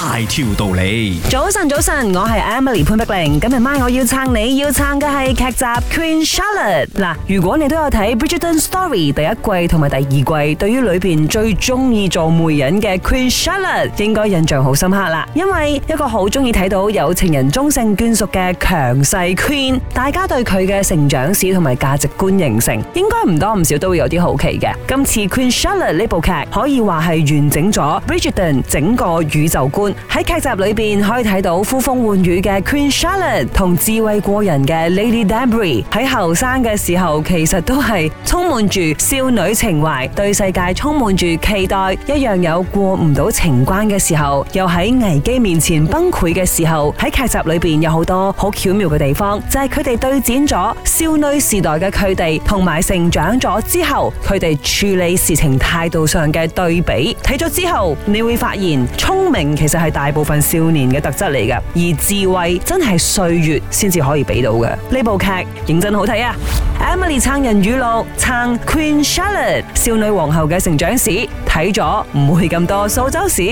大條道理，早晨，早晨，我係 Emily 潘碧玲。今日晚我要撐你要撐嘅係劇集《Queen Charlotte》。嗱，如果你都有睇《Bridgerton》Story 第一季同埋第二季，對於裏邊最中意做媒人嘅 Queen Charlotte，應該印象好深刻啦。因為一個好中意睇到有情人終成眷屬嘅強勢 Queen，大家對佢嘅成長史同埋價值觀形成，應該唔多唔少都會有啲好奇嘅。今次《Queen Charlotte》呢部劇可以話係完整咗《Bridgerton》整個宇宙觀。喺劇集裏邊可以睇到呼風喚雨嘅 Queen Charlotte 同智慧過人嘅 Lady Danbury 喺後生嘅時候其實都係充滿住少女情懷，對世界充滿住期待。一樣有過唔到情關嘅時候，又喺危機面前崩潰嘅時候。喺劇集裏邊有好多好巧妙嘅地方，就係佢哋對展咗少女時代嘅佢哋同埋成長咗之後佢哋處理事情態度上嘅對比。睇咗之後你會發現，聰明其實。係大部分少年嘅特質嚟噶，而智慧真係歲月先至可以俾到嘅。呢部劇認真好睇啊！Emily 撐人語錄，撐 Queen Charlotte 少女皇后嘅成長史，睇咗唔會咁多蘇州史。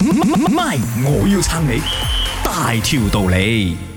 唔係，我要撐你，大條道理。